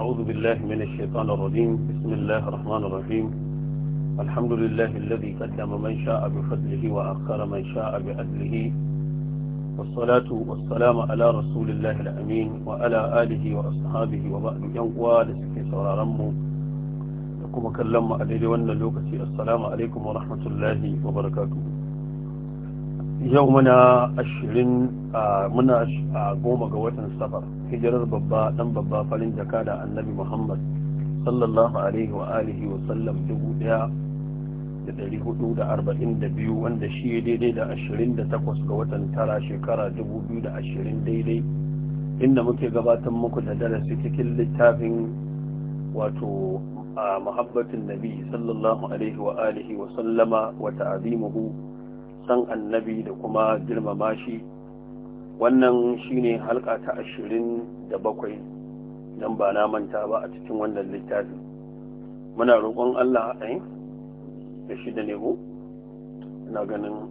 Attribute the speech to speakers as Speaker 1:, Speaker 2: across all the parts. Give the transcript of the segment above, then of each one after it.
Speaker 1: أعوذ بالله من الشيطان الرجيم بسم الله الرحمن الرحيم الحمد لله الذي قدم من شاء بفضله وأخر من شاء بأدله والصلاة والسلام على رسول الله الأمين وعلى آله وأصحابه وبعد ينقوى لسكي سرارمه لكم كلم أليل وأن اللوكسي السلام عليكم ورحمة الله وبركاته yau muna ashirin muna goma ga watan safar hijirar babba dan babba farin jaka da annabi muhammad sallallahu alaihi wa alihi wa sallam dubu daya da dari hudu da arba'in da biyu wanda shi ya daidai da ashirin da takwas ga watan tara shekara dubu biyu da ashirin daidai inda muke gabatar muku da darasi cikin littafin wato a muhabbatin nabi sallallahu alaihi wa alihi wa sallama wa ta'azimuhu san annabi da kuma girmama shi wannan shine halka ta ashirin da bakwai don ba na manta ba a cikin wannan littafi, muna roƙon allah haɗayin eh, da shi da nemo na ganin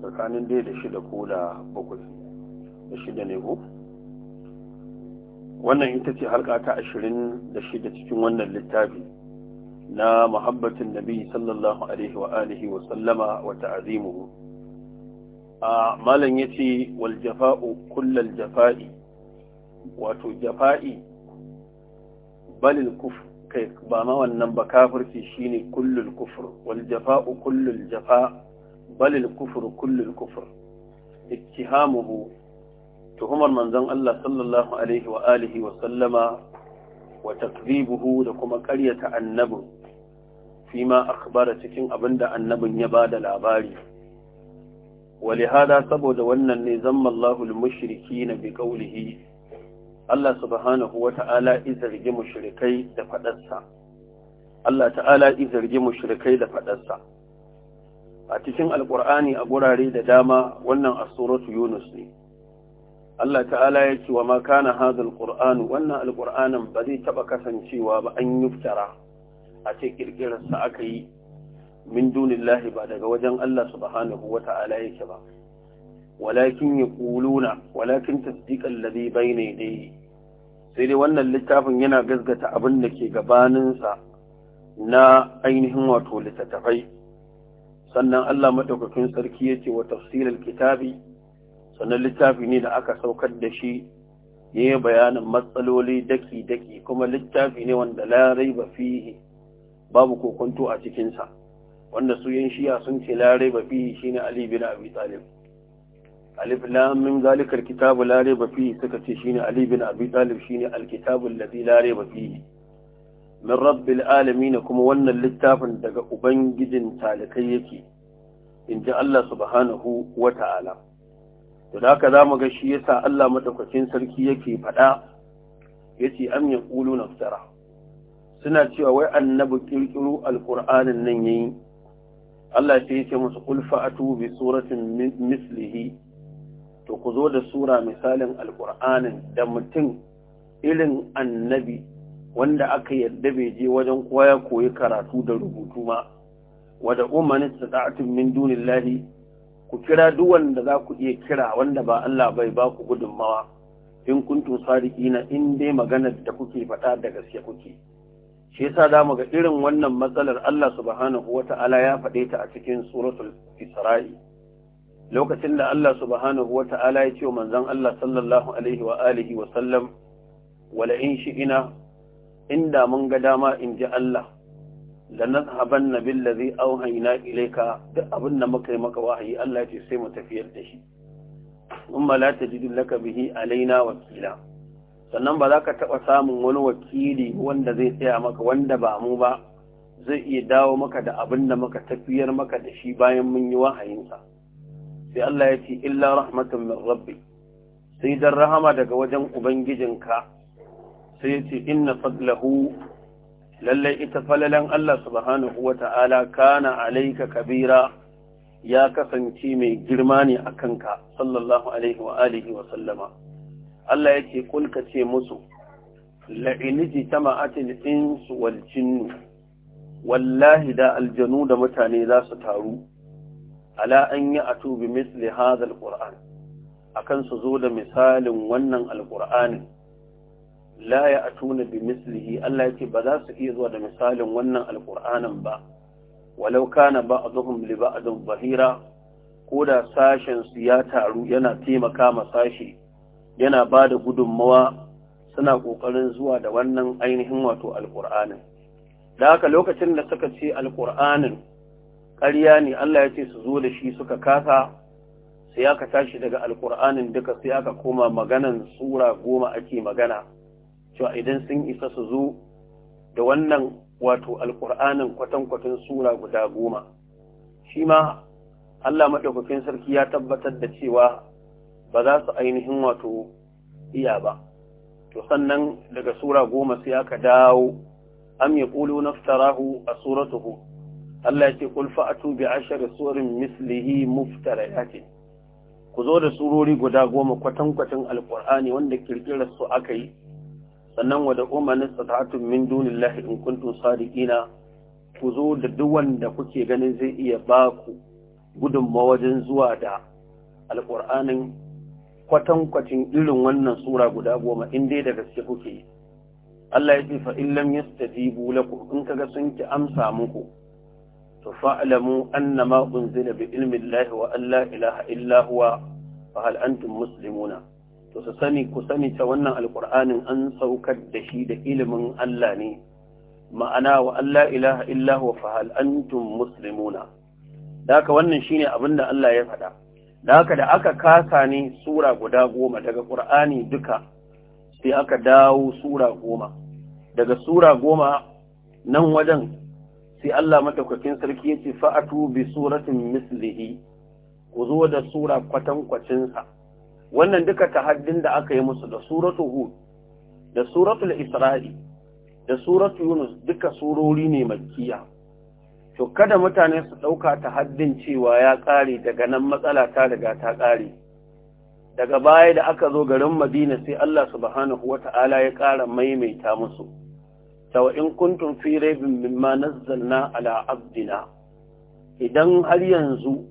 Speaker 1: tsakanin dai da shida ko da bakwai da shida da ko wannan ita ce halka ta ashirin da shida cikin wannan littafi na muhabbatin nabi sallallahu alaihi wa alihi wa sallama wa ta'azimuhu a malam yace wal jafa'u kullal jafa'i wato jafa'i balil kufr kai ba ma wannan ba kafirci shine kullul kufr wal jafa'u kullul jafa balil kufr kullul kufr ittihamuhu tuhumar manzon Allah sallallahu alaihi wa alihi wa sallama wa takdhibuhu da kuma ƙaryata annabin fima akhbara cikin abin da annabin ya ba da labari walihada saboda wannan ne zamma Allahul mushriki na bi qawlihi Allah subhanahu wa ta'ala izargi mushrikai da faɗarsa Allah ta'ala izargi da faɗarsa. a cikin Alƙur'ani a gurare da dama wannan as-suratu yunus ne Allah ta'ala ya ce wa ma kana hadha al wannan al ba zai taɓa kasancewa ba an yuftara a ce kirkirarsa aka yi min dunillahi ba daga wajen Allah subhanahu wa ta'ala yake ba walakin yaquluna walakin tasdiqan ladhi bayna yadayhi sai dai wannan littafin yana gazgata abin da ke sa na ainihin wato littattafai sannan Allah madaukakin sarki yace wa tafsilal kitabi sannan littafi ne da aka saukar da shi ya yi bayanin matsaloli daki-daki kuma littafi ne wanda larai ba fihi babu kokonto a cikinsa wanda su yin shiya sun ce lare ba fi shi ne Ali bin Abi Talib alif lam min zalikar kitabu lare ba fi suka ce ne Ali bin Abi Talib ne alkitabu allazi lare ba fi min rabbil alamin kuma wannan littafin daga ubangijin talikai yake in ji Allah subhanahu wa ta'ala to da haka zamu ga shi yasa Allah madaukakin sarki yake faɗa yace am Kulu iftara suna cewa wai annabi kirkiro alqur'anin nan yayi Allah sai ya ce musu qul fa'atu bi suratin mislihi to ku zo da sura misalin alqur'anin da mutum irin annabi wanda aka yarda bai je wajen koya koyi karatu da rubutu ma wada umanin sata'atun min dunillahi ku kira duk wanda za ku iya kira wanda ba Allah bai ba ku gudunmawa in kuntum sadiqina in dai maganar da kuke faɗa da gaske kuke shi yasa za mu ga irin wannan matsalar Allah subhanahu wa ta'ala ya faɗe ta a cikin suratul Isra'i lokacin da Allah subhanahu wa ta'ala ya ce wa manzon Allah sallallahu alaihi wa alihi wa sallam wala in shi'ina inda mun ga dama in ji Allah da nazhaban nabil ladhi auhayna ilayka duk abin da muka yi maka wahayi Allah ya ce sai mu tafiyar da shi umma la tajidu laka bihi alaina wakila sannan ba za ka taɓa samun wani wakili wanda zai tsaya maka wanda ba mu ba zai iya dawo maka da abin da muka tafiyar maka da shi bayan mun yi wahayinsa sai Allah ya ce illa rahmatun min rabbi sai dan rahama daga wajen ubangijinka sai ya ce inna fadlahu lallai ita falalan Allah subhanahu wa ta'ala kana alaika kabira ya kasance mai girma ne a kanka sallallahu alaihi wa alihi wa sallama Allah ya ce kulka ce musu la'iniji ta ma'atin insu wal jinnu wallahi da aljanu da mutane za su taru ala an yi atu bi misli hadha alquran akan su zo da misalin wannan alqur'anin la ya atuna bi mislihi Allah yake ba za su iya zuwa da misalin wannan alqur'anin ba walau kana ba'dhum li ba'dhin bahira ko da sashen su ya taru yana taimaka ma sashi yana ba da gudunmawa suna ƙoƙarin zuwa da wannan ainihin wato alƙur'anin da haka lokacin da suka ce alƙur'anin ƙarya ne Allah ya ce su zo da shi suka kasa sai aka tashi daga alƙur'anin duka sai aka koma maganan sura goma ake magana cewa idan sun isa su zo da wannan wato alƙur'anin kwatankwatan sura guda goma shi ma Allah maɗaukakin sarki ya tabbatar da cewa ba za su ainihin wato iya ba to sannan daga sura goma sai aka dawo am ya ƙulu fitarahu a suratuhu Allah ya ce kulfa a bi ashari surin mislihi ya ce ku zo da surori guda goma kwatankwacin alƙur'ani wanda ƙirƙirarsu su aka yi sannan wa da na sata'atun min dunillahi in kuntun sadiqina ku zo da duk wanda kuke ganin zai iya ba ku gudunmawa zuwa da alƙur'anin kwatankwacin irin wannan sura guda goma in dai da gaske kuke yi Allah ya ce fa in lam yastajibu lakum in kaga sun ki amsa muku to fa'lamu annama unzila bi ilmi Allah wa an ilaha illa huwa fa hal antum muslimuna to su sani ku sani ta wannan alqur'anin an saukar da shi da ilimin Allah ne ma'ana wa an la ilaha illa huwa fa hal antum muslimuna da haka wannan shine abin da Allah ya faɗa da haka da aka kasa ne sura guda goma daga ƙur'ani duka sai aka dawo sura goma daga sura goma nan wajen sai Allah mataukakin sarki yace fa'atu bi suratin mislihi ku zo da sura kwatankwacinsa kwacinsa wannan duka ta haddin da aka yi musu da suratu hud da suratul isra'i da suratu yunus duka surori ne makiya. to kada mutane su ɗauka ta haddin cewa ya ƙare daga nan matsala ta riga ta ƙare daga baya da aka zo garin madina sai Allah subhanahu wata'ala ya ƙara maimaita musu sau in kuntum fi raibin mimma nazzalna ala abdina idan har yanzu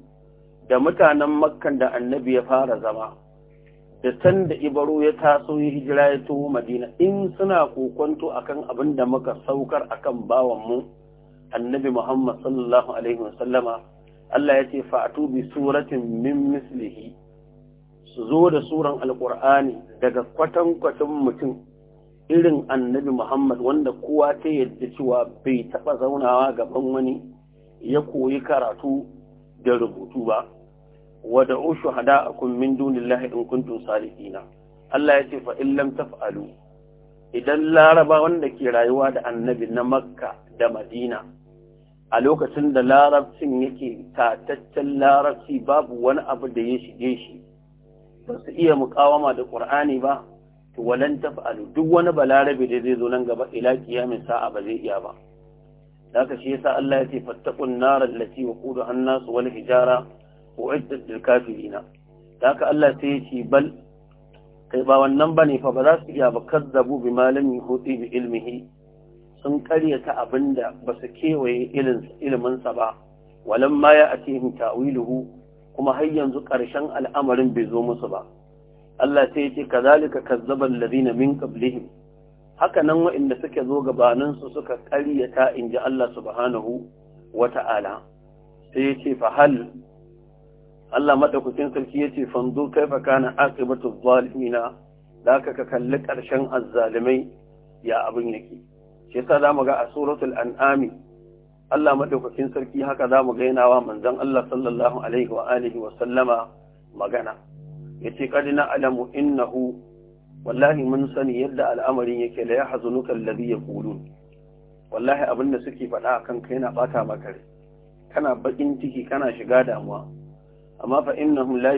Speaker 1: da mutanen makkan da annabi ya fara zama da san da ibaro ya taso yi hijira ya to madina in suna kokonto akan abin da muka saukar akan bawanmu mu annabi Muhammad sallallahu alaihi wasallama Allah ya ce fa'atu bi suratin min mislihi su zo da suran alqur'ani daga kwatankwacin mutum irin annabi Muhammad wanda kowa ta yadda cewa bai taɓa zaunawa gaban wani ya koyi karatu da rubutu ba wada ushu hada akun min dunillahi in kuntum salihina Allah ya ce fa in lam taf'alu idan laraba wanda ke rayuwa da annabi na makka da madina a lokacin da larabcin yake tataccen larabci babu wani abu da ya shige shi ba su iya mukawama da ƙur'ani ba to walan taf'alu duk wani balarabe da zai zo nan gaba ila kiyamin sa'a ba zai iya ba haka shi yasa Allah ya ce fattaqun nar allati waqudu an-nas wal hijara uiddat lil kafirina haka Allah sai ya ce bal kai ba wannan bane fa ba za su iya ba kazzabu malami lam yuhiti bi ilmihi sun karyata abin da ba su kewaye iliminsa ba walan ma ya atihim ta'wiluhu kuma har yanzu ƙarshen al'amarin bai zo musu ba Allah sai ya ce kazalika kazzaba allazina min qablihim haka nan waɗanda suke zo gabaninsu su suka karyata in ji Allah subhanahu wa ta'ala sai ya ce fa Allah madaukakin sarki ya ce fanzu kaifa kana aqibatu zalimina da ka kalli ƙarshen azzalimai ya abin yake shi yasa zamu ga a suratul an'ami Allah madaukakin sarki haka zamu ga yana wa manzon Allah sallallahu alaihi wa alihi wa sallama magana yace qad na'lamu innahu wallahi mun sani yadda al'amarin yake la yahzunuka alladhi yaqulun wallahi abin da suke faɗa akan kai yana bata maka rai kana bakin ciki kana shiga damuwa amma fa innahum la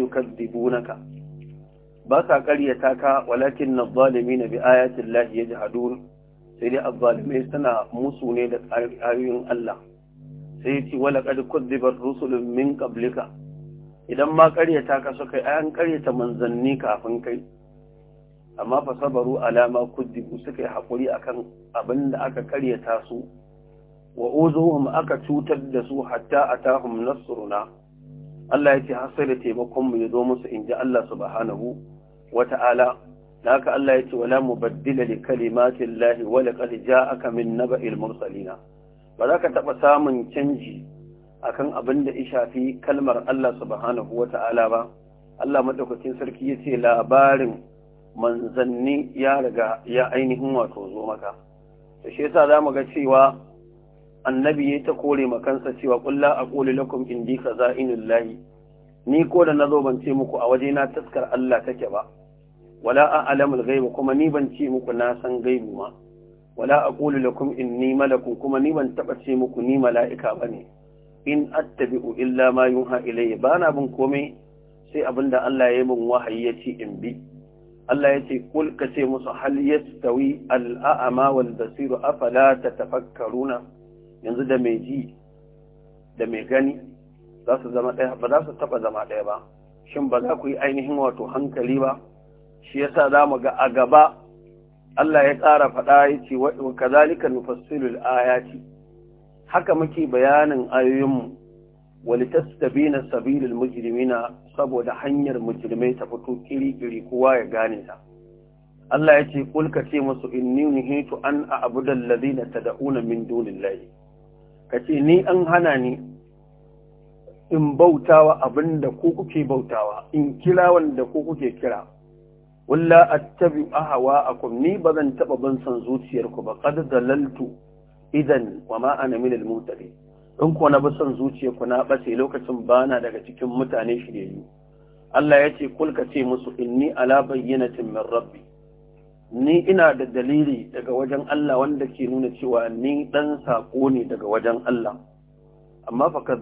Speaker 1: naka. ba sa ƙaryata ka walakin na zalimi na bi ayatin lahi ya jihadun sai dai azzalumai suna musu ne da ayoyin Allah sai ya ce wala qad kudzibat rusulun min idan ma karyata ka suka yi an karyata manzanni kafin kai amma fa sabaru alama kuddibu suka yi haƙuri akan abin da aka karyata su wa uzuhum aka cutar da su hatta atahum nasruna Allah ya ce har sai da taimakon mu ya zo musu inji Allah subhanahu wata'ala da haka Allah ya ce wala mubaddila li kalimatin lahi wa qad ja'aka min naba'il mursalina ba za ka taba samun canji akan abin da ya shafi kalmar Allah subhanahu wata'ala ba Allah madaukakin sarki ya ce labarin manzanni ya riga ya ainihin wato zo maka to shi yasa zamu ga cewa annabi ya ta kore makansa cewa kulla aqulu lakum indi khazainullahi ni ko da nazo ban ce muku a waje na taskar Allah take ba wala a alamul gaibu kuma ni ban ce muku na san gaibu ma wala a da lakum in ni malakun kuma ni ban taɓa ce muku ni mala'ika ba ne in attabi'u illa ma yunha ilayya ba na bin komai sai abin da Allah ya min wahayi ya ce in bi Allah ya ce kul ka ce musu hal yastawi al'a'ama wal basiru afala tatafakkaruna yanzu da mai ji da mai gani za su zama ɗaya ba za su taɓa zama ɗaya ba shin ba za ku yi ainihin wato hankali ba shi yasa za mu ga a gaba Allah ya ƙara faɗa ya ce wa nufa nufassilul ayati haka muke bayanin ayoyinmu walitastabina sabilul mujrimina saboda hanyar mujrimai ta fito kiri-kiri kowa ya gane ta Allah ya ce ka ce musu inni nuhitu an a'budu alladhina tad'una min dunillahi kace ni an hana ni in bautawa abinda ku kuke bautawa in kira wanda ku kuke kira Ƙulla a hawa a ni ba zan taɓa ban san zuciyarku ba da laltu idan wa ma ana min al-mutadi in ko na son zuciyar zuciyarku na bace lokacin bana daga cikin mutane shiryayyu Allah ya ce kulka ce musu inni ala bayyana min rabbi ni ina da dalili daga wajen Allah wanda ke nuna cewa ni dan sako ne daga wajen Allah amma fa